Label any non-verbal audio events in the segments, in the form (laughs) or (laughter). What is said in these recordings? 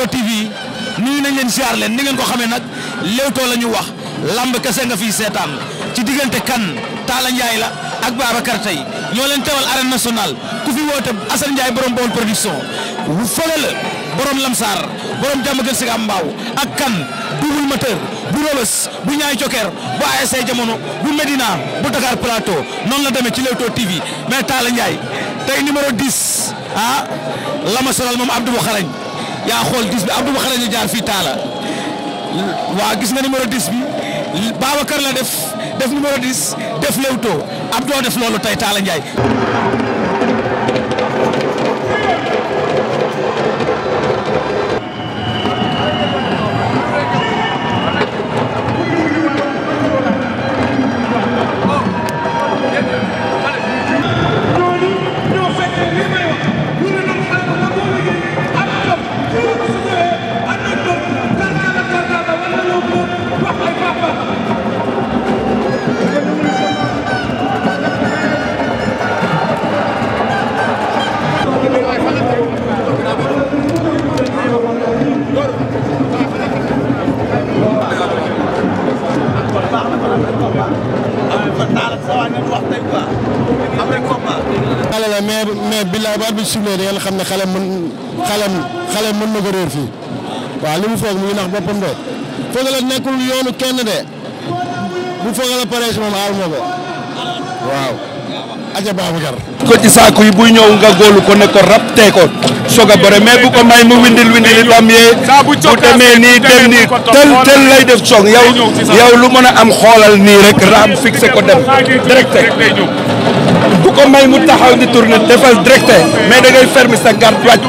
Leewtoo TV nuyu nañ leen siyaar leen ni ngeen ko xamee nag Leewtoo la ñu wax lamb kese nga fii seetaan ci diggante kan Talla la ak Babacar tey ñoo leen teewal arène nationale ku fi woote Assane Ndiaye borom Baol production bu fële la borom Lamsar borom jàmm gën si mbaaw ak kan double moteur bu Robes bu ñaay joker bu ASC jamono bu Medina bu Dakar Plateau noonu la demee ci Leewtoo TV mais Talla Ndiaye tey numéro 10 ah la ma sonal moom Abdou Xarañ yaa xool 10 bi Abdou xale ñu jaar fii Talla waa gis nga numéro 10 bi Babacar la def def numéro 10 def Leewtoo Abdou def loolu tey Talla Ndiaye. gars yi ba at bi siflee xam ne xale mën xalem xalem mën na fii waaw li mu foog mu ngi nax boppam de Feugeula nekkul yoonu kenn de bu Feugeula paree si moom aar ma ko waaw aja Babacar ko ci saako yi buy ñëw nga góolu ko ne ko rabtee ko soog a bëre mais bu ko may mu windil windil itam yee bu demee nii dem nii tel tel lay def song yow yow lu mën a am xoolal nii rek raam fixé ko dem direct ku ko may mu taxaw di tourné defal directe mais da ngay fermer sa garde wàcc.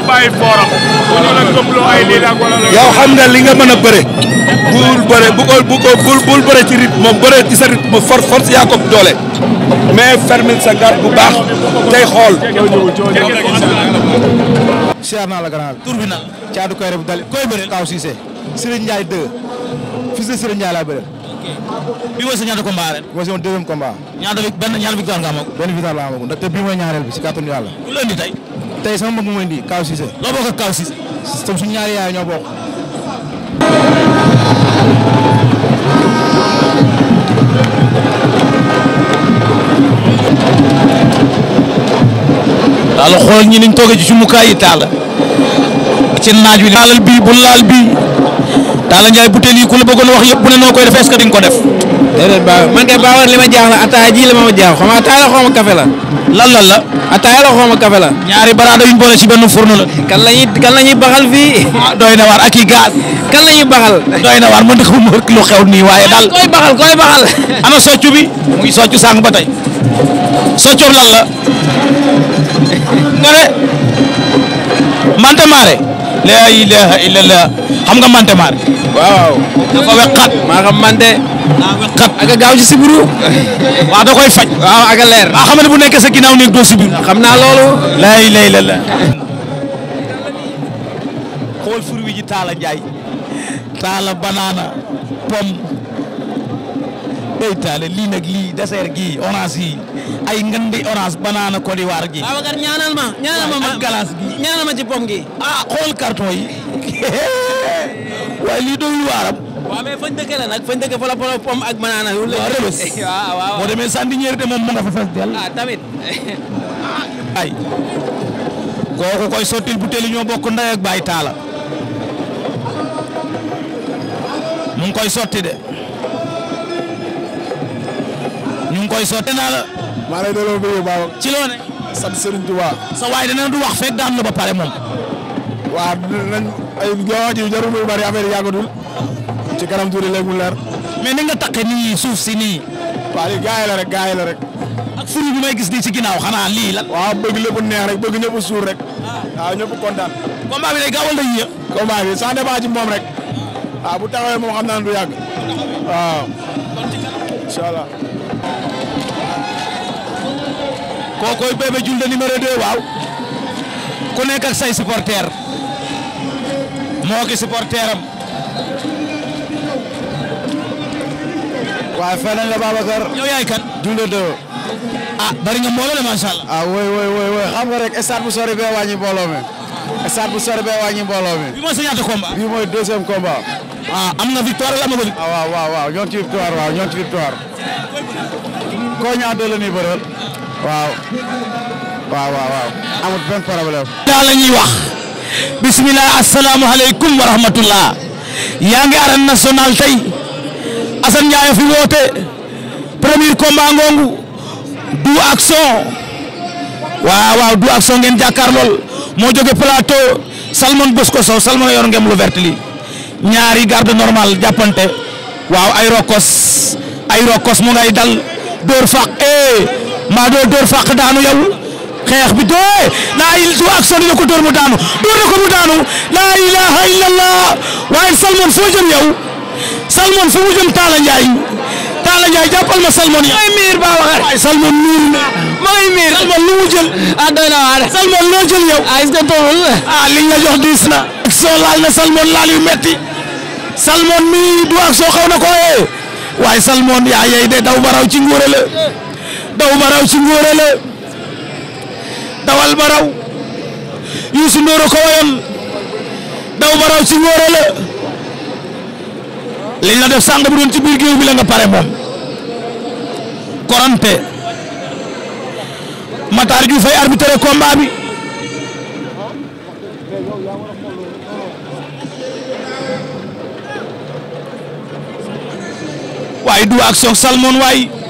yow xam nga li nga mën a bëre. bul bëre bu ko bu ko bul bul bëre ci rythme moom bëre ci sa rythme force force doole mais fermer sa garde bu baax tey xool. siyaar naa la grand tur bi nag. Thiatou Kairé bu dali koy bëre Taw Cissé Serigne Ndiaye 2 fils de Serigne Ndiaye laa bëre. bi mooy sa ñaata combat ren. mooy sama deuxième combat. ñaata bi benn ñaata victoire nga am ak. benn victoire la am ak ndax te bii mooy ñaareel bi si kàttanu yàlla. ku la indi tey. tey sama mbokk mooy indi Kaaw Cissé. loo bokk ak Kaaw Cissé. tam suñu ñaari yaay ñoo bokk. daal xool ñi niñ toogee ci sumukaay yi taal. ci naaj wi. laalal bii bu laal bii. Talla Ndiaye butéel yi ku la bëggoon wax yëpp ne noo koy def est ko def. déedéet baaw man kay baawar li ma jaaxla ataaya ji la ma ma jaaxla xam nga ataaya la xaw ma kafe la. lan lan la. ataaya la xaw kafe la. ñaari baraada yuñ boole ci benn fourneau la. kan la ñuy kan la ñuy baxal fii. Ah, doy na waar ak i gaz. kan la ñuy baxal. doy na waar man de xamuma lu xew nii waaye daal. koy baxal koy baxal. ana soccu bi. mu ngi soccu sàng ba tey. soccu lan la. nga ne. maare. laa ilaaha illallah xam nga mante maar. waaw. dafa weqat. maa xam mante. daa weqat gaaw ci sibiru. waaw da faj. waaw ak leer. waaw xam bu nekkee sa ginnaaw nekk doo sibiru. xam naa loolu. laa ilaaha illallah. xool fur wi ji Talla Ndiaye. Talla banana pomme. day lii nag lii dessert gii orange ay ngandi orange banana Côte d'Ivoire gi. waaw Babacar ñaanal ma ñaanal ma ma galas gi ñaanal ma ci pom gi. ah xool carton (laughs) waaye lii doyul waaram. waaw mais fañ la nag fañ dëkk ak banana. waaw rëbës (laughs) waaw waaw boo demee Sandinière de moom mu nga fa fes del. Ah, (laughs) ay kooku koy sottil butéeli ñoo bokk ndey ak taala mu koy sotti de ñu koy sotti naa la maa lay delloo bëggee baaw. ci loone sant sa waaye dana du wax fekk daan na ba pare moom. waaw dinañ ay góor ji jarul muy bari affaire ci kanam tuuti léegi mu leer. mais ni nga taqe nii suuf si nii. waaw lii gaa yi la rek gaa rek. ak furu bi may gis nii ci ginnaaw xanaa lii la. waaw bëgg lépp neex rek bëgg ñëpp suur rek. Ah. waaw ñëpp kontaan. combat bi day gaawal day yéex. combat bi sans débat ci rek. waaw bu taxawee moom xam naa ne du yàgg. waaw. incha kookoy Bébé Diouldé numéro 2 waaw ku nekk ak say supporter moo ki supporteram waaye feneen la Babacar yow yaay kan Diouldé ah, bari nga mbooloo de macha allah ah woy woy xam nga rek stade bu sori bee wàññi mbooloo mi bu sori bee wàññi mbooloo mi mooy sa ñaata combat bii mooy deuxième combat ah am na victoire la am nga ah waaw waaw waaw victoire waaw ñoo ci victoire koo ñaata la ni bëral waaw waaw waaw waaw amul benn problème. daal la ñuy wax bisimilah asalaamualeykum wa rahmatullah yaa ngi arène nationale tey Assane Ndiaye fi woote premier combat ngongu du action waaw waaw du action ngeen jàkkaar lool moo jóge plateau Salmon Bosco Sow Salmon yor ngeen lu vert li ñaari garde normal jàppante waaw ay rokos ay rokos mu ngay dal dóor faq eh. maa doo dóor fàq daanu yow xeex bi dee laa il du ak soni na ko dóor mu daanu dóor ko mu daanu laa ilaha illallah waaye salmon foo jëm yow salmon fu mu jëm Talla Ndiaye salmon yow. mooy miir ba waxee. waaye salmon lu mu jël. ah doy na waar. salmon loo jël ah, la ah, jox diis na. ak soo laal na salmon laal yu salmon mi du ak soo xaw na ko waaye salmon yaa yey de daw baraw ci nguure daw baraw ci ngóore dawal baraw Youssou Ndour ko wayoon daw baraw ci ngóore la liñ la def sànq bu doon ci biir géew bi la nga pare moom korante Matar ju fay arbitre combat bi waaye du action salmon waay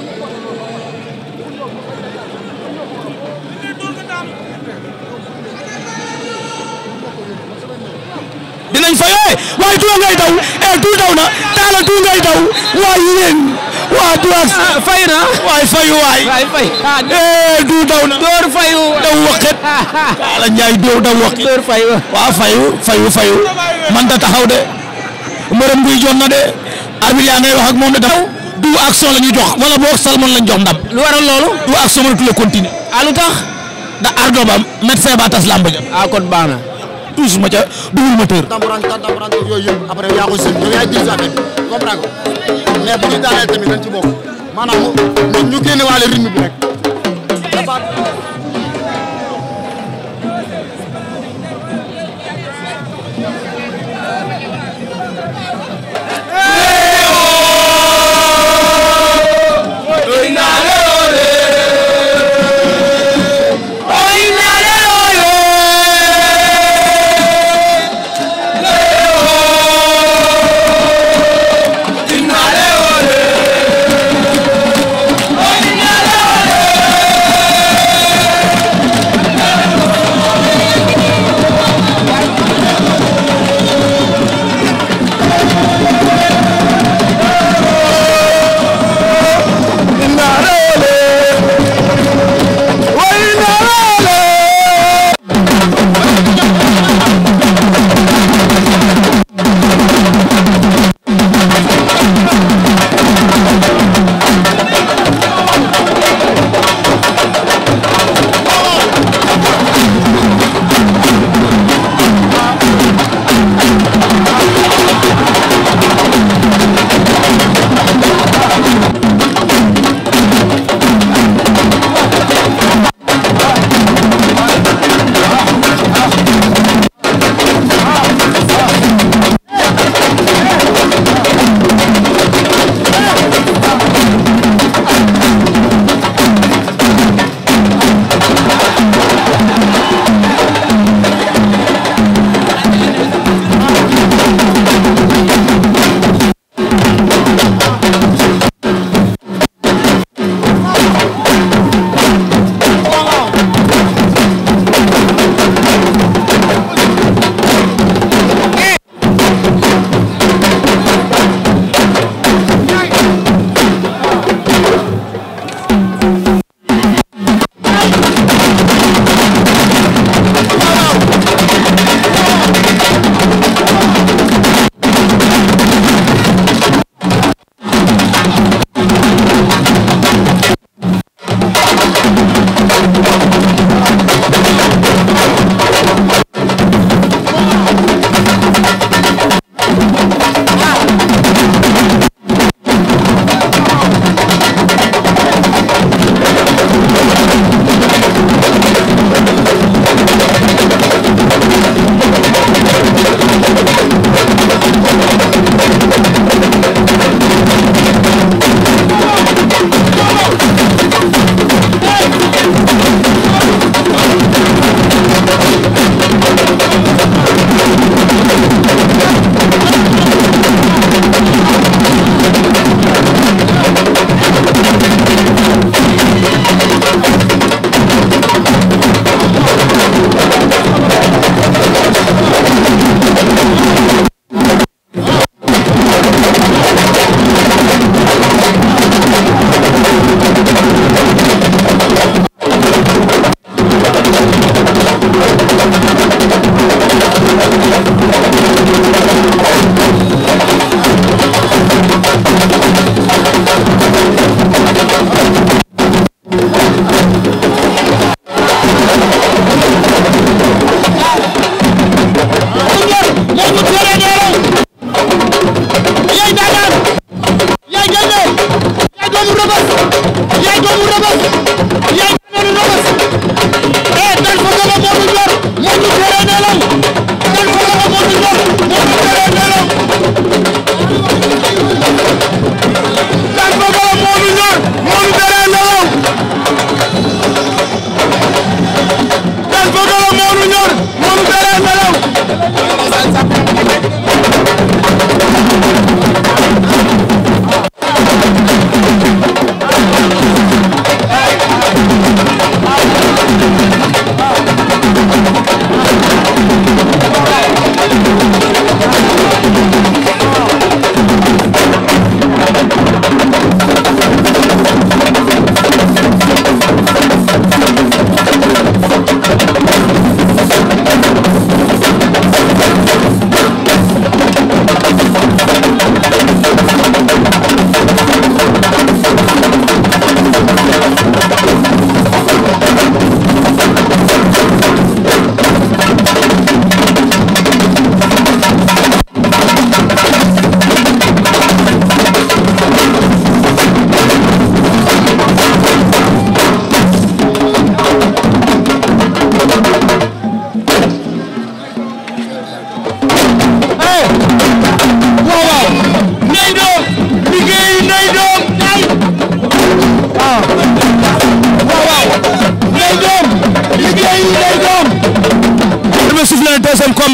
ngay eh, du daw na taala du ngay daw waay yéen waa du ak ah, fay na waay fayu waay waay ah, eh, du daw na door fayu daw waxet ah, taala njaay doo daw waxet door fayu waa fayu fayu fayu man ta taxaw de mbërëm buy jot na de arbitre yaa ngay wax ak moom daw du action la ñu jox wala boog salmon lañ jox ndam lu waral loolu du action mënatu la continuer a lu tax da ardo ba médecin ba tas lamb ja a tuus ma ca dugul moteur. tambourang tambourang après yaa ko sëñ yow yaay diis affaire comprends ko mais bu ñu daaneel tamit dañ ci bokk maanaam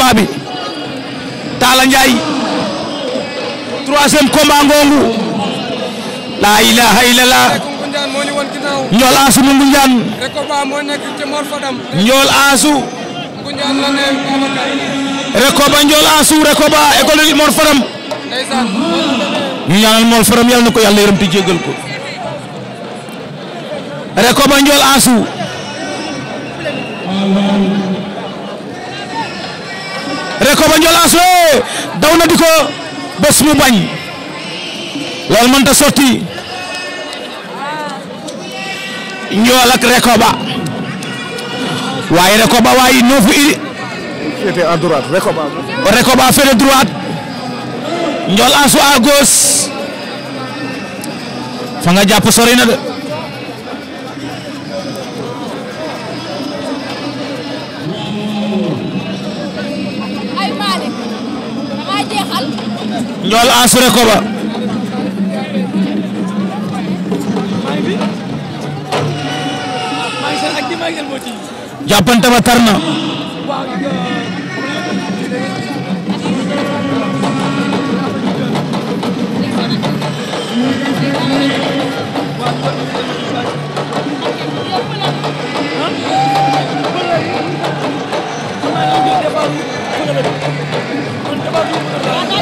combat bi Talla Ndiaye troisième combat ngongu la ilaha illallah Ndiol Asou mu Ngunjaan Ndiol Rekoba Ndiol Asou Rekoba école de Mor Faram ñu ñaanal Mor na ko yàlla yërëm te ko Rekoba Ndiol Asou rek ba Ndiolaas wee daw na di ko bés mu bañ loolu mënta sotti Ndiol ak rek ba waaye rek ba waaye noo fu iri. féete droite rek ba. rek ba féete droite Ndiolaas nga jàpp sori ñool assuré ko ba ba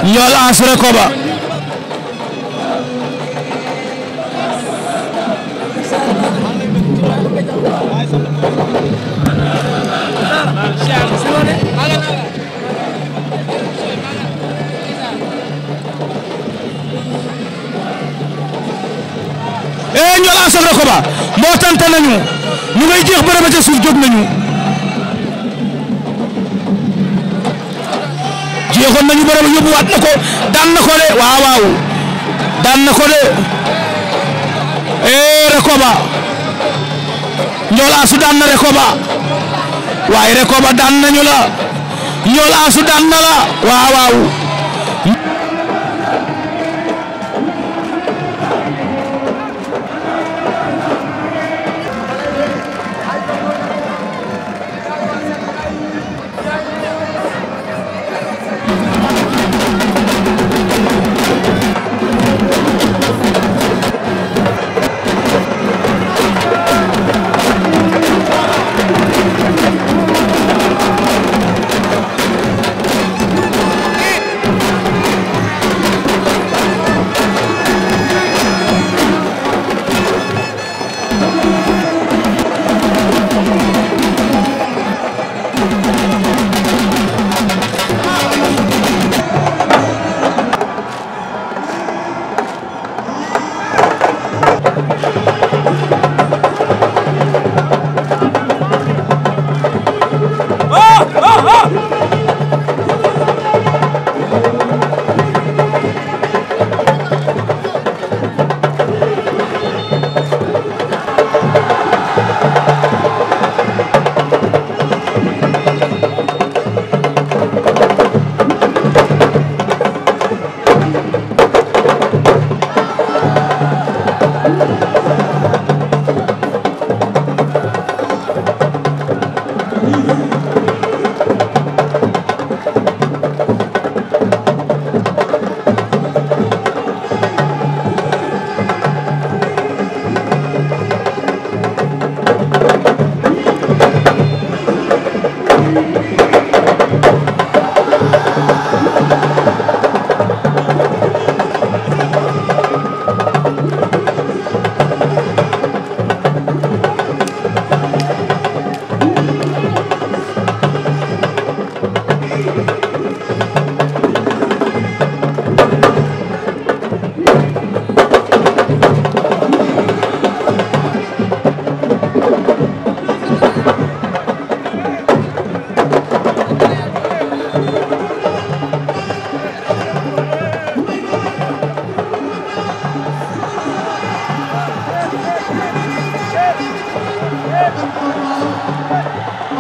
Ndiol Assuré Koba e eh, Ndiol Assuré Koba moo tante nañu ñu ngay jeex bërëb ca suuf jóg nañu joxoon nañu borom yóbbuwaat na ko daan na ko de waaw waaw daan na ko de ee eh, Rekoba Ndiol Asou na Rekoba waaye Rekoba daan nañu la Ndiol Asou na la waaw waaw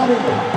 Thank you.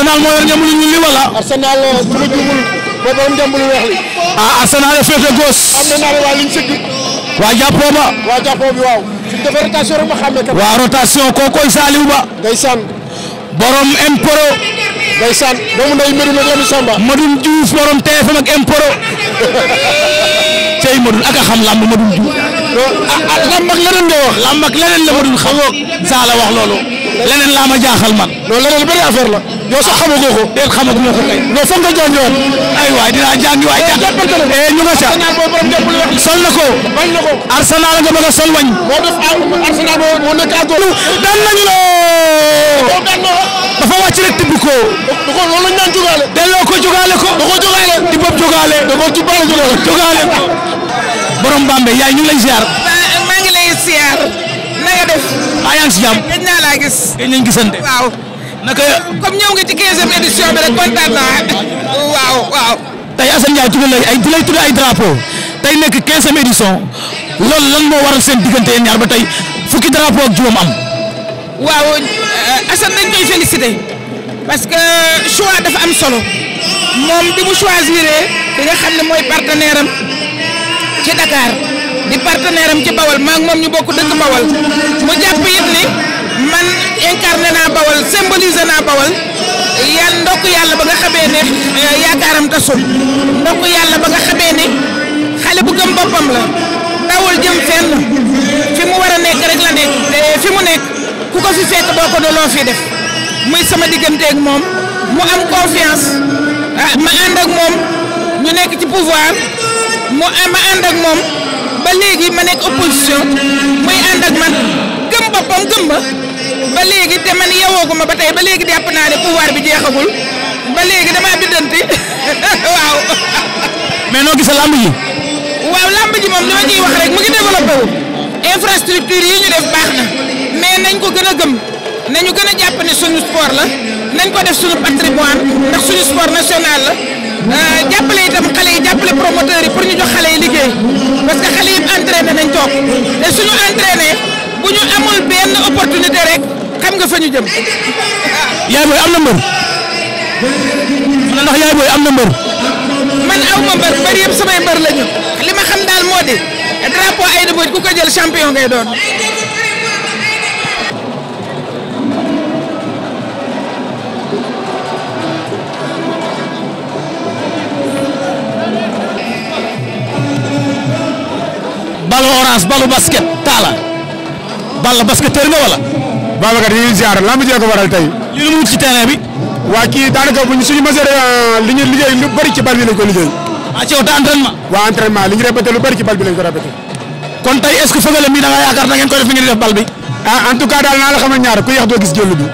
Arsenal moo yor ñoom lu ñu li wala. Arsenal su euh, ma juumul ba borom dem lu weex li. ah Arsenal a féete góos. am na naa ne waa liñ sëgg. waa jàppoo ba. waa jàppoo bi waaw. suñ defee rotation rek ma xam ne. waa rotation kookoy Saliou Ba. ndeysaan. borom Imporo. ndeysaan doomu ndey Medoune ak Lamine Samba. Medoune Diouf borom TFM ak Imporo. tey Medoune ak a xam lamb Medoune Diouf. ah ah lamb ak leneen nga wax. lamb ak leneen la Medoune xamoo. saa la wax loolu. leneen laa ma jaaxal man. loolu leneen lu bëri affaire la. yow sax xamagoo ko. déet xamaguma ko kay. non foog nga jàng yoon. ay waay dinaa jàng waay eh, jàng. eh ñu nga ca. sol na ko. bañ na Arsenal nga bëgg a sol wañ. moo def Arsenal moo nekk à góor. tibb ko. da ko loolu lañu naan jugaale. delloo ko jugaale ko. da ko di bopp jugaale. da ko jubaale borom Bambey yaay ñu ngi lay ziar. maa ngi na nga def. ah yaa ngi si jàmm. naka comme ñëw nga ci 15e édition bi rek kontaan naa waaw waaw. tey Assane Ndiaye tudd lay ay di lay tudd ay drapeau tey nekk 15e édition lan moo waral seen diggante yéen ñaar ba tey fukki drapeau ak juróom am. waaw euh, Assane dañ koy féliciter parce que choix dafa am solo moom bi mu choisir ki nga xam ne mooy partenaire am ci Dakar di partenaire ci Bawol maa ngi moom ñu bokk dëkk Bawol mu jàpp it ni man. incarné naa bawal symbolisé naa bawal yàlla ndokk yàlla ba nga xamee ne eh, yaakaaram tasul ndokk yàlla ba nga xamee ne xale bu gëm boppam la dawul jëm fenn fi mu war a nekk rek la nekk fi mu nekk ku ko fi fekk doo ko doloo fi def muy sama digganteeg moom mu am confiance ah, ma ànd ak moom ñu nekk ci pouvoir mu ah, ma ànd ak moom ba léegi ma nekk opposition muy ànd ak man gëm boppam gëm ba ba léegi te man yewooguma ba tey ba léegi jàpp naa ne pouvoir bi jeexagul ba léegi damaa biddanti (laughs) waaw. mais noo gisee lamb ji. waaw lamb ji moom ñoo ñuy wax rek mu ngi développé wu. infrastructure yi ñu def baax na mais nañ ko gën a gëm nañu gën a jàpp ne suñu sport la nañ ko def suñu patrimoine ndax suñu sport national la euh, jàppale itam xale yi jàppale promoteurs yi pour ñu jox xale yi liggéey parce que xale yi entraîné nañ toog te suñu entraîné. bu ñu amul benn opportunité rek xam nga fa ñu jëm. yaay booy am na ndax yaay booy am na mbër. man aw ma mbër mbër samay mbër lañu li ma xam daal moo di drapeau Aïda ku ko jël champion ngay doon. balu orange balu basket taala Balla basketteur nga wala. Babacar yi ñu ziar lamb jee ko waral tey. li mu wut bi. waa kii daanaka euh, ko liggéey. ah ci wàllu entraînement. waa entraînement li ñu lu bëri bal bi lañ ko répété. kon tey est ce que fëgale mi da nga yaakaar da ngeen koy def fi ngeen bal bi. ah en daal naa la xamal ñaar ku yéex doo gis jëllu bi.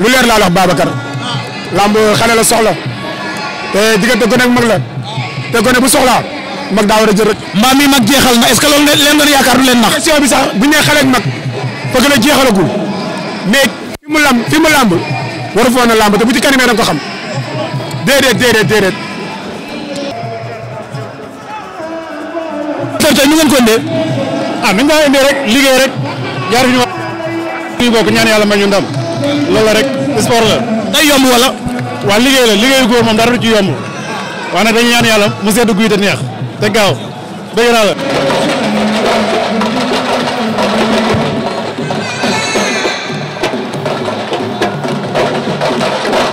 lu leer laa wax Babacar. Ah. lamb xale la soxla. te diggante gone ak mag la. te gone bu soxlaa mag daa war a jël rek. mbaa mi mag jeexal na est ce que loolu leen doon yaakaar du leen nax. question bi sax bu ñu nee xale ak mag a na jeexalagul mais fi mu lamb fi mu lamb waru foon na lamb te bu ci kanamee da nga ko xam déedéet déedéet déedéet. ñu ngeen ko indee ah nañu daan indee rek liggéey rek jaar fi ñu wax. ñu bokk ñaan yàlla ma ñu ndam loolu rek sport la. day yomb wala. waa liggéey la liggéeyu góor moom dara du ci yomb waaye nag dañu ñaan yàlla mu sedd guy te neex. te gaaw dégg naa la.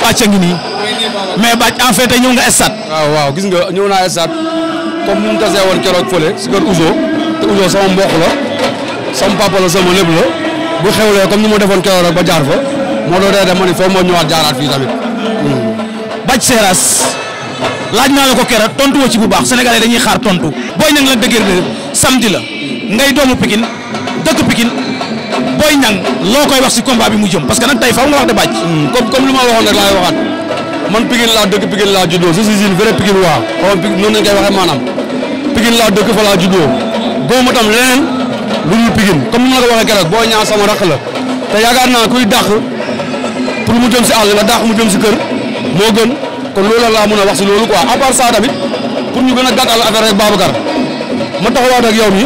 bàcc a ngi nii. mais bàcc en fait ñëw nga stade. waaw ah, waaw gis nga ñëw naa stade comme mu tase woon keroog fële si kër Ouzo te Ouzo sama mbokk la sama papa la sama lépp la bu xewlee comme ni ma defoon keroog rek ba jaar fa moo doon dee dem ma ni foofu moo ñëwaat jaaraat fii tamit. Hmm. bàcc Seras. laaj naa la ko kera tontu woo ci bu baax sénégalais dañuy xaar tontu Boy Niang la dëgër de samedi la ngay doomu Pikine dëkk Pikine Boy Niang loo koy wax si combat bi mu jëm parce que nag tey faaw nga wax de bàcc. Hmm, comme comme li ma waxoon rek laay waxaat man Pikine laa dëkk Pikine laa juddoo je suis une vraie Pikine waa xaw ma Pikine noonu lañ koy waxee maanaam Pikine laa dëkk fa laa juddoo boobu ma tam leneen lu dul Pikine comme ni ma la ko waxee keroog Boy Niang sama rakk la te yaakaar naa kuy dàq si àll la dàq mu jëm si kër moo gën. kon loolu laa mën a wax si loolu quoi à part ça tamit pour ñu gën a gàttal affaire rek Babacar ma taxawaat ak yow mi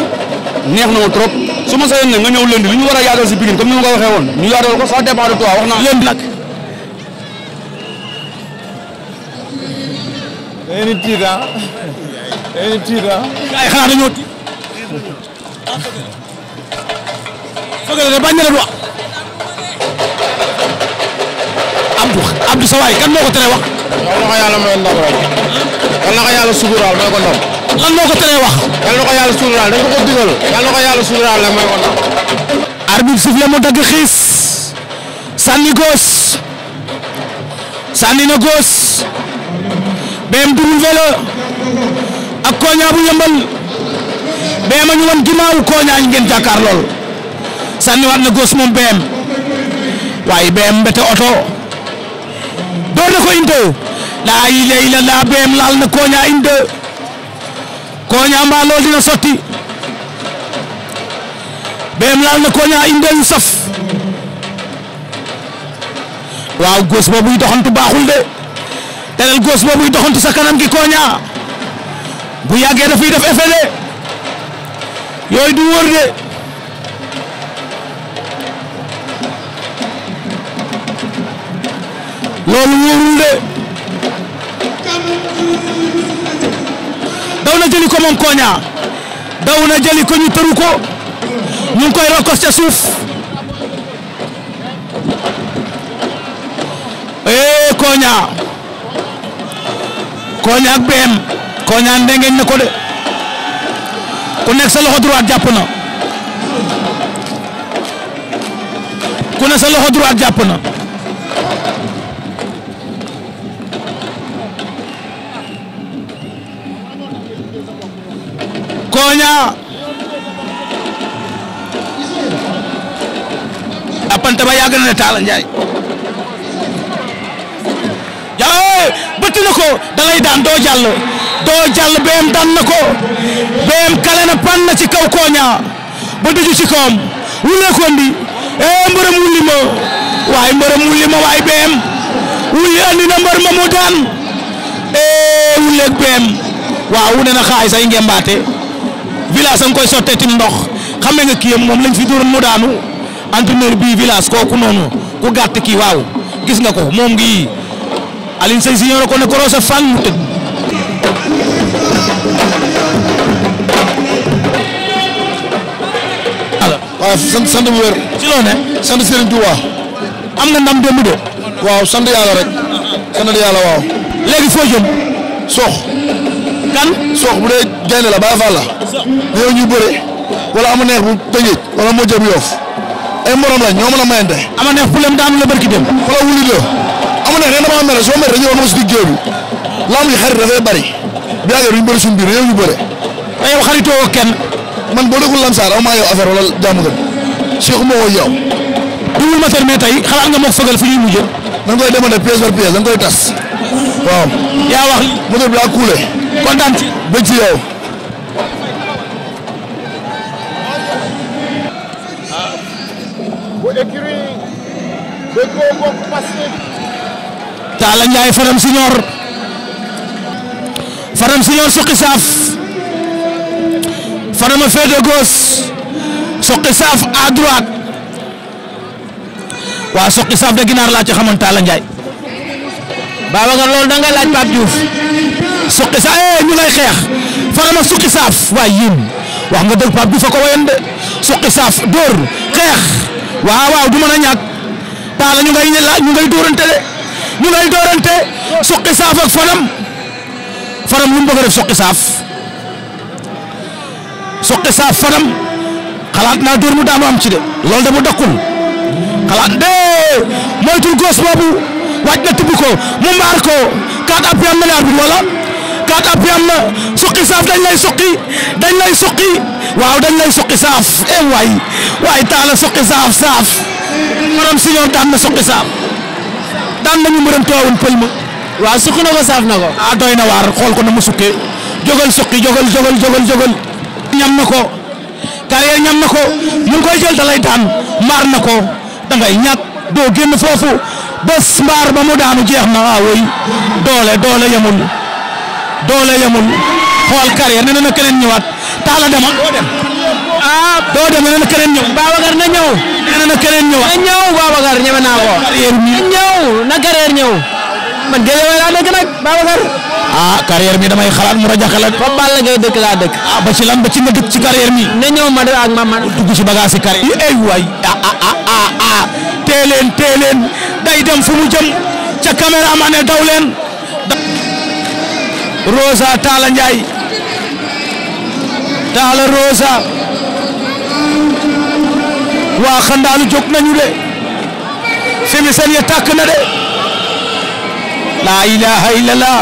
neex na ma trop su ma sëyoon nag nga ñëw lënd li ñu war a yaatal si Pikine comme ni ma ko waxee woon yaatal ko ça dépend de toi wax naa. lënd nag. day nit tiit ah day nit tiit ah. ay xanaa dañoo tiit. foog ne na leen wax. Abdou tere wax. yal na ko yàlla may ndam rek. yal na ko yàlla suturaal may ko ndam. lan moo ko na ko yàlla dagg xiis. sànni góos. sànni na góos. BMW la. ak Koña bu yëmbal. BM a ñu wan ginnaaw Koña ñu ngeen jàkkaar lool. sànni waat na góos moom BM. waaye BM mbete oto. door na ko inde laa ilaha illallah beem laal na koña inde koña mbaa lool dina sotti beem laal na koña inde yu saf waaw góos boobu buy doxantu baaxul de dalal góos boobu buy doxantu sa gi koña bu yàggee dafay def effet de yooyu du wóor de loolu wóorul de daw na jëli ko moom koña daw na jëli ko ñu tëru ko ñu ngi koy rokkos ca suuf ee eh, koña koña ak BM koña ndengeñ na ko de ku nekk sa loxo droite jàpp na ku nekk sa loxo droite jàpp na Sagna jàppante ba yàgg ne Talla Ndiaye jaa bëtt na ko da daan doo jàll doo jàll beem daan na ko beem kale na pan ci kaw Koña ba duju ci kawam wulee ko ndi eh, mbërëm wulli ma waaye mbërëm wulli ma waaye beem wulli andi na mbër ma mu daan eh wuleeg beem waaw wu ne na xaay say ngembaate village a nga koy sottee tim ndox xame nga kii moom lañ fi dóor mu daanu entraîneur bii village kooku noonu ku gàtt kii waaw gis nga ko moom ngi Alioune Seye Junior ko ne ko roose fang mu tëdd waaw sant waaw sant yàlla rek. sant yàlla waaw. léegi foo jëm. kan sox bu dee gaynde la Baye Fall la ñoo ñuy bëre wala ama neex bu tëngéej wala moo jëm yoof ay morom lañ ñoo mën a mayante ama neex problème daan la barki dem wala wuli do ama neex nee dama mere soo mere a si xarit dafay bari bi yàggee duñ bëri suñu biir ñoo ñu bëre mais yow xaritoo kenn man boo dëggul lamsaar aw maa yow affaire wala jàmm gën Cheikh moo koy yow Double Moteur mais tey xalaat nga moog sëgal fu ñuy mujjee dañ koy demande pièce par pièce kontaan ci bëgg ci yow. bu écrit déggoo bokk passé. a féete gauche suqi saaf à droite ginaar laa ci xamoon Talla Ndiaye. Babacar loolu da laaj Pape Diouf. suqi sa eh ñu ngay xeex farama suqi saaf waaye yéen wax nga dëgg Pape Diouf a ko wayoon de suqi saaf dóor xeex waaw du mën a ñàkk taala ñu ngay la ñu ngay dóorante de ñu ngay dóorante suqi saaf ak fanam fanam lu mu a def suqi saaf suqi saaf fanam xalaat naa dóor mu daanu am ci de loolu de dakkul xalaat de moytul góos boobu waaj na tibb ko mu maar ko kaat appui am na ne arbitre wala quatre appuis am na suqi saaf dañ lay suqi dañ lay suqi waaw dañ lay suqi saaf eh waay waay taala suqi saaf saaf morom si ñoom daan na suqi saaf daan nañu mërëm toowoon pël ma. waaw suqi na ko saaf na ko. ah doy na waar xool ko na mu suqee jógal suqi jógal jógal jógal jógal. ñam na ko carrière ñam na ko mu koy jël da daan maar na ko da ngay ñàkk doo génn foofu bés mbaar ba mu daanu jeex na waaw ah, doole doole yemul. doole yemul xool carrière nee na keneen ñëwaat taala demoon doo dem. ah doo dem nee na keneen ñëw. Babacar na ñëw. nee na keneen ñëwaat na ñëw Babacar ñeme naa ko. carrière mi na ñëw na carrière ñëw. man géej yooyu laa dëkk nag Babacar. ah carrière mi damay xalaat mu rajaxe la. ba Balla Gaye dëkk laa dëkk. ah ba ci lan ba ci nga dëkk ci carrière mi. na ñëw ma ak ma man. dugg ci bagage yi carrière. ay waay ah, ah ah ah ah tee leen tee leen day dem fu mu jëm ca caméra ma ne daw leen. Rosa Talla Ndiaye Talla Rosa waa xandaalu jóg nañu de semi seen ya na de laa ilaaha illallah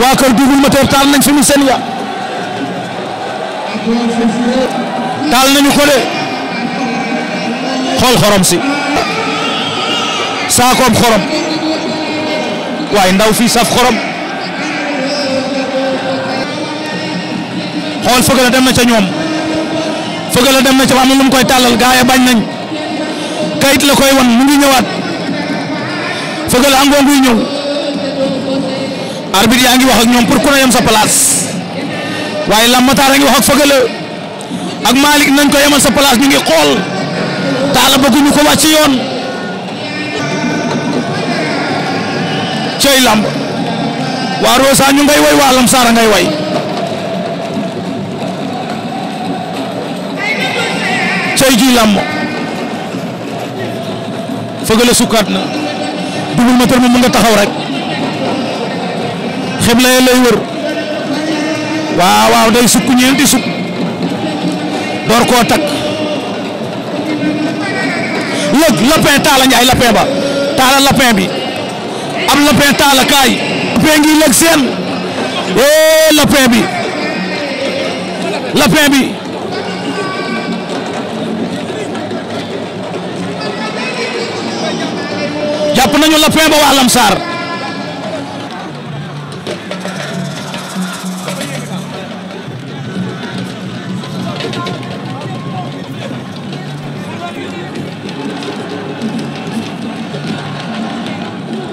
waa kër Double Moteur taal nañ semi seen ya taal nañu ko de xool xorom si xorom waaye ndaw fii saf xorom xool Feugeula dem na ca ñoom Feugeula dem na ca am na lu koy tàllal gaaya bañ nañ kayit la koy wan mu ngi ñëwaat Feugeula angoo nguy ñëw arbitre yaa ngi wax ak ñoom pour ku ne yem sa place waaye Lamataar a ngi wax ak Feugeula ak Malick nañ ko yemal sa place ñu ngi xool taala bëgguñu ko wàcc yoon cey làmp waa Rosa ñu ngay way waa Lamsara ngay way tey jii làmb fëgale sukkaat na Double Moteur moom mu nga taxaw rek xibla yee lay wër waaw waaw day sukk ñeenti sukk door koo takk lëg lapin taala njaay lapin ba taala lapin bi am lapin taala kaay lapin ngi lëg seen ee eh, bi lapin bi jàpp nañu la fin ba waa Lamsaar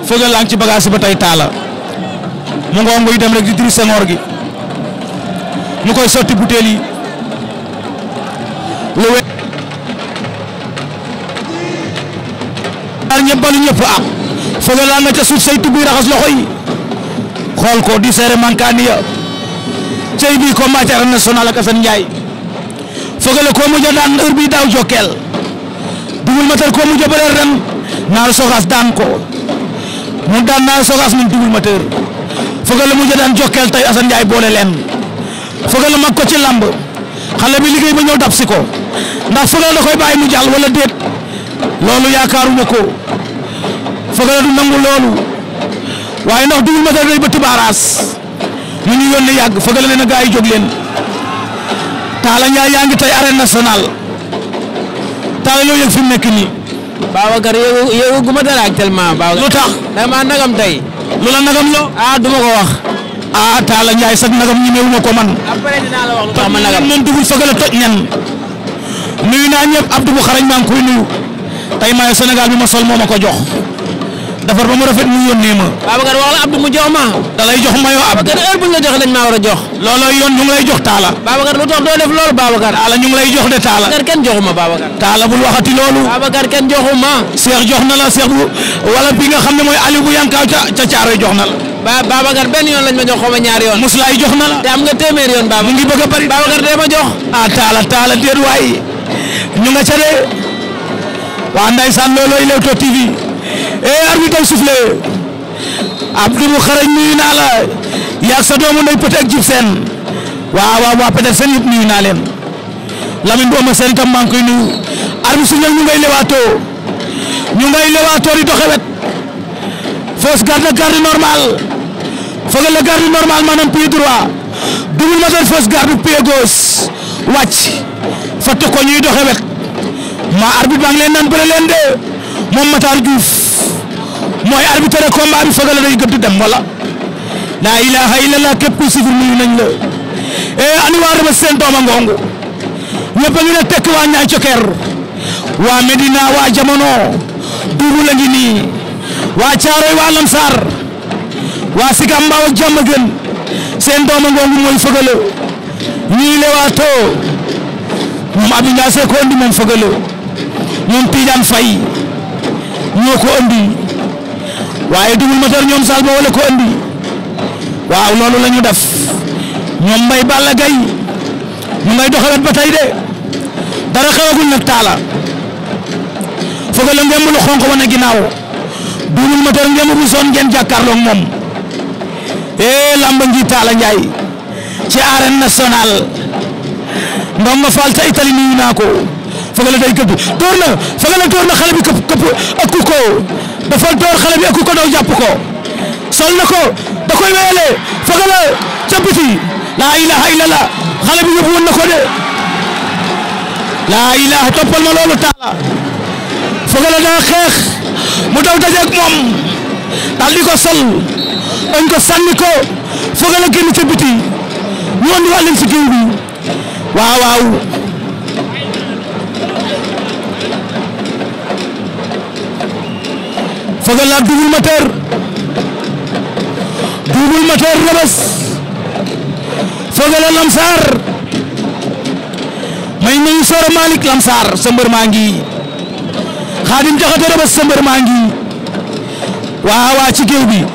fëgal laa ci bagage ba tey taala mu ngoonguy dem rek di diri sengoor gi mu koy sotti butéel yi ñaar ñëpp balu ñëpp ak Feugeul laal na ca suuf say tubbi raxas loxo yi xool ko di seere mankaani ya cey bi combat arène nationale ak Assane Ndiaye Feugeul ko mujj daan heure bi daaw jokkeel Double Moteur ko mujj bëre ren Naar Soxas daan ko mu daan Naar Soxas mu Double Moteur Feugeul mujj daan jokkeel tey Assane Ndiaye boole leen Feugeul mag ko ci lamb xale bi liggéey ba ñëw dab ko ndax Feugeul da koy bàyyi mu jàll wala déet loolu yaakaaruma ko Feugeula du nangu loolu waaye ndax Double Moteur day bëtt baaraas ñu ñu yónni yàgg Feugeula nee na gaa yi jóg leen Talla Ndiaye yaa ngi tey arène nationale Talla fi mu nekk nii. Babacar ma dara actuellement Babacar. lu tax dama nagam tey. lu la nagam lo ah du ma ko wax. Ah, nagam ñemewu ma ko man. tax ma nagam moom Double Feugeula toj ñan. nuyu naa ñëpp Abdou Bou Xarañ maa ngi nuyu tey maay Sénégal bi ma sol moo ma ko jox. defar ba mu rafet mu yónnee ma. Babacar wax la Abdou mu jox ma. da jox mayoo ab. Babacar heure bu ñu la joxee dañ maa war a jox. looloo yoon ñu ngi lay taala. Babacar lu tax doo def loolu Babacar. taala ñu ngi lay jox de taala. Babacar taala bul waxati loolu. Babacar kenn joxuma. Cheikh jox na la Cheikh wala bi nga xam ne mooy Aliou bu Yankaaw ca ca Caaroy jox na la. ba benn yoon lañ ma jox xaw ma ñaari yoon. jox na la. te am nga téeméer yoon Babacar. mu ngi bëgg a bari Babacar dee ma jox. ah taala taala déet waay ñu nga ca de waa ndeysaan loolooy Leewtoo TV eh arbitre day soufflé Abdou Xarañ nuyu naa la yaag sa doomu ndey Petit ak Jib waaw waaw waaw Petit Sène yëpp naa leen Lamine bu Ama Sène itam maa ngi koy nuyu ñu ngay lewaatoo ñu ngay lewaatoo di doxe wet garde garde normale fëgal la garde normale maanaam pied droit double moteur fausse garde pied gauche wàcc fatte ko ñuy doxe maa arbitre baa leen naan bëre leen de moom Matar Diouf mooy arbitre combat bi fëgal day gëdd dem wala laa ilaaha illallah képp ku sifir nuyu nañ la ee eh, ani waa rëbës seen dooma ngongu ñëpp a ngi ne tekk waa ñaay cokeer waa Medina waa jamono duubu la ngi nii waa Caaroy waa Lamsaar waa Sika Mbaaw ak jàmm seen dooma ngongu mooy fëgal ñii le waa too moom Abi Ndiassé ko andi moom fëgal moom Tidiane Faye ñoo ko andi waaye Double Moteur ñoom Sall ba wala ko waaw loolu la ñu def ñoom Mbaye Balla Gaye ñu ngay doxalat ba de dara xewagul nag taala foog la ngemb lu xonq wane ginnaaw Double Moteur ngemb bu son ngeen jàkkaarloog moom eh làmb ngi taala Ndiaye ci arène nationale ndongo Fall ta Italie naa ko foog la day door na foog la door na xale bi këpp këpp ak ko dafa door xale bi ak daw jàpp ko sol na ko da koy weyale fagala ca biti laa ilaha illallah xale bi yóbbu na ko de laa ilaha toppal ma loolu taala fagala daa xeex mu daw dajeeg moom daal di ko sol dañ ko sànni ko fagala génn ca biti ñu andi wàllin si géew bi waaw waaw Feugeulade Double Moteur Double Moteur Rebeuss Feugeulade Lamsar may nuyu Soro Malick Lamsar sa mbër maa ngi Xaadim Jaxate Rebeuss sa mbër maa ngi waaw waaw ci géew bi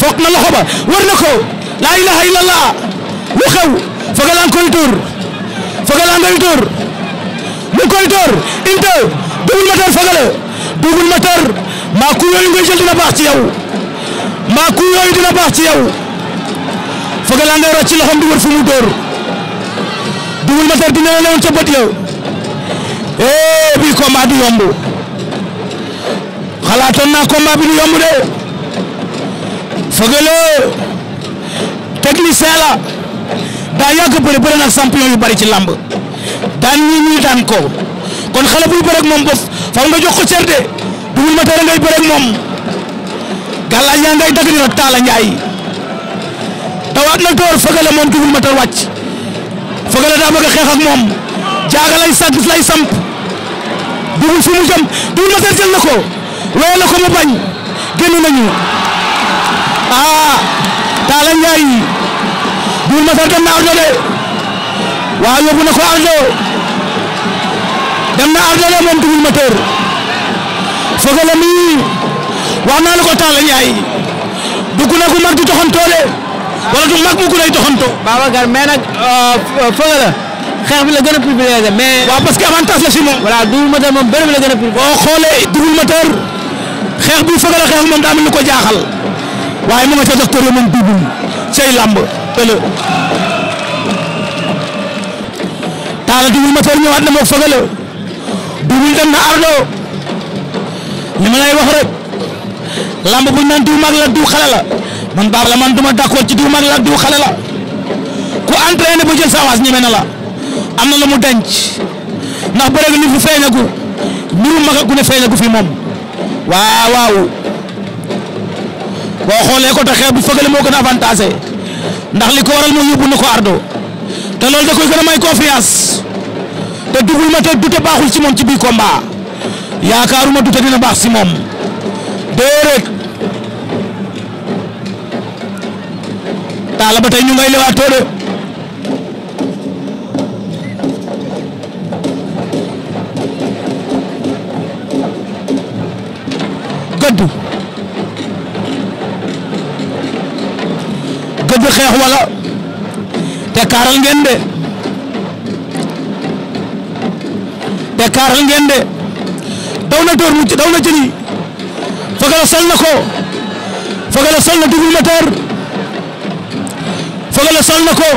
foog na loxo ba war na ko laa ilaha illallah lu xew Feugeulade koy dóor Feugeulade ngay dóor mu koy dóor inte Double Moteur Feugeulade Double Moteur mbaa ku yooyu ngay jël dina baax ci yow mbaa ku yooyu dina baax ci yow Feugeula day rocc loxoom di fu mu dóor Double Moteur dina la lewoon ca bët yow eh bii combat du yomb naa combat bi du yomb de Feugeula technicien la daa yàgg bëri bëri nag champion yu bari ci lamb daan ñii ñii daan ko kon xale buy bëreeg moom bof nga jox ko cër de. Double Moteur ngay bëre ak moom gàllaaj a ngay dagg dina Talla Ndiaye tawaat na door fëgale moom Double Moteur wàcc fëgale daa a xeex ak moom jaaga lay samp Double fu mu jëm Double Moteur na ko wéyal na ko mu bañ génn nañu ah Talla Ndiaye Double Moteur dem na ardo de waaw yóbbu na ko ardo dem na ardo moom Double Moteur Feugeula mii naa la ko Talla Ndiaye du ku nekk mag di toxantoo wala du mag mu ku lay toxantoo. Babacar mais nag Feugeula xeex bi la gën a privilégié mais. waaw parce que avantage la si moom. voilà double moteur moom bëri bi la gën a privilégié. boo xoolee double moteur xeex bi Feugeula xeex moom daa mel ko jaaxal waaye mu nga ca docteur yi moom double say lamb ëllë. Talla double moteur ñëwaat na moog Feugeula double dem na Ardo. ni ma lay wax rek lamb buñ naan du mag la du xale la man baab la man duma d'accord ci du mag la du xale la ku entraîné bu jël sa avance na la am na la mu denc ndax bu rek li fi feeñ na gu mbiru mag a gu na gu fi moom waaw waaw boo xoolee ko te xeex bu fëgale moo gën avantage ndax li ko waral moo yóbbu na ko ardo te loolu da koy gën a may confiance te dugul ma te dute baaxul ci moom ci biir combat yaakaaruma du te dina baax si moom déedéet taala ba tey ñu ngay lewaatoo de gëdd gëdd xeex wala te kaaral ngeen de te kaaral ngeen de daw na door mu daw na jëli Feugeleu sol na ko Feugeleu sol na Double Moteur Feugeleu sol na ko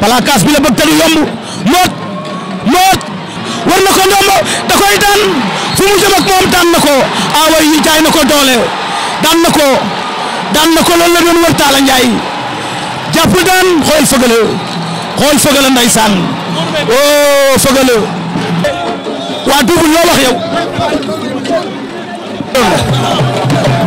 balaa kaas bi la bëgg tëddu yomb moot moot na ko ndombo da koy daan fu mu jëm moom daan na ko awa yi jaay na ko doole daan na ko daan na ko loolu la doon wër Talla Ndiaye jàppul daan xool Feugeleu xool Feugeleu ndeysaan oo oh, Feugeleu waa double loo wax yow.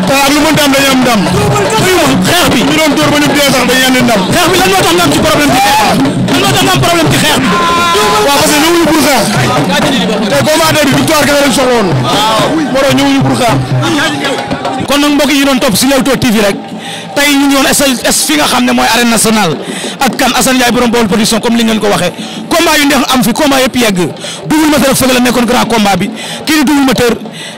te ak lu mënti am xeex bi ñu doon dóor ba ñu dee sax dañuy xeex bi lan moo tax nga am ci problème ci xeex bi lan moo tax nga am problème xeex bi. waaw parce que ñëwuñu pour xeex. bi victoire gën a leen tax ñëwuñu xeex. kon yi doon topp si Leewtoo ñu ngi woon es nga xam ne mooy arène nationale ak kan Assane Ndiaye borom bool production comme li ngeen ko waxee combat yu neex am fi combat yëpp yegg. double moteur ak Feugeula nekkoon grand combat bi kii di double moteur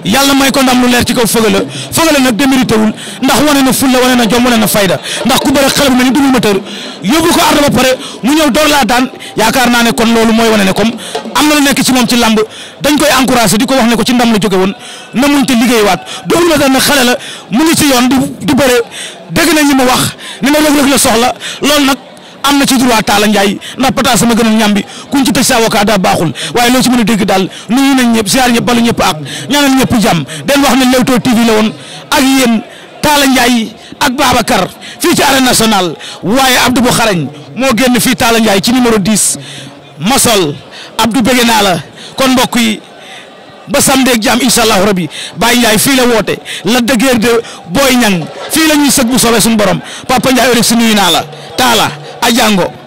yàlla may ko ndam lu leer ci kaw Feugeula Feugeula nag démérité wul ndax wane na fulla wane na jom wane na fayda ndax ku bëre xale bu mel ni double moteur yóbbu ko ardo ba pare mu ñëw door laa daan yaakaar naa ne kon loolu mooy wane ne comme am na lu nekk ci moom ci lamb dañ koy encouragé di ko wax ne ko ci ndam la jóge woon na muñ te liggéeywaat double moteur nag xale la mu ngi ci yoon di di bëre dégg nañ li mu wax ni ma Reug Reug la soxla loolu nag am na ci droit Talla Ndiaye ndax pata sama gënal ñambi kuñ ci tëj sa avocat daa baaxul waaye loo ci mën a dégg daal nuyu nañ ñëpp siyaar ñëpp balu ñëpp ak ñaanal ñëpp jàmm den wax ne Leewtoo TV la woon ak yéen Talla Ndiaye ak Babacar fii ci arène nationale waaye Abdou bu xarañ moo génn fii Talla Ndiaye ci numéro 10 Masol Abdou bëgg naa la kon mbokk yi ba samedi ak jàmm incha allahu rabi Baye Ndiaye fii la woote la dëgër de booy Niang fii la ñuy sëg bu soobee borom Papa Ndiaye rek naa la Talla a jango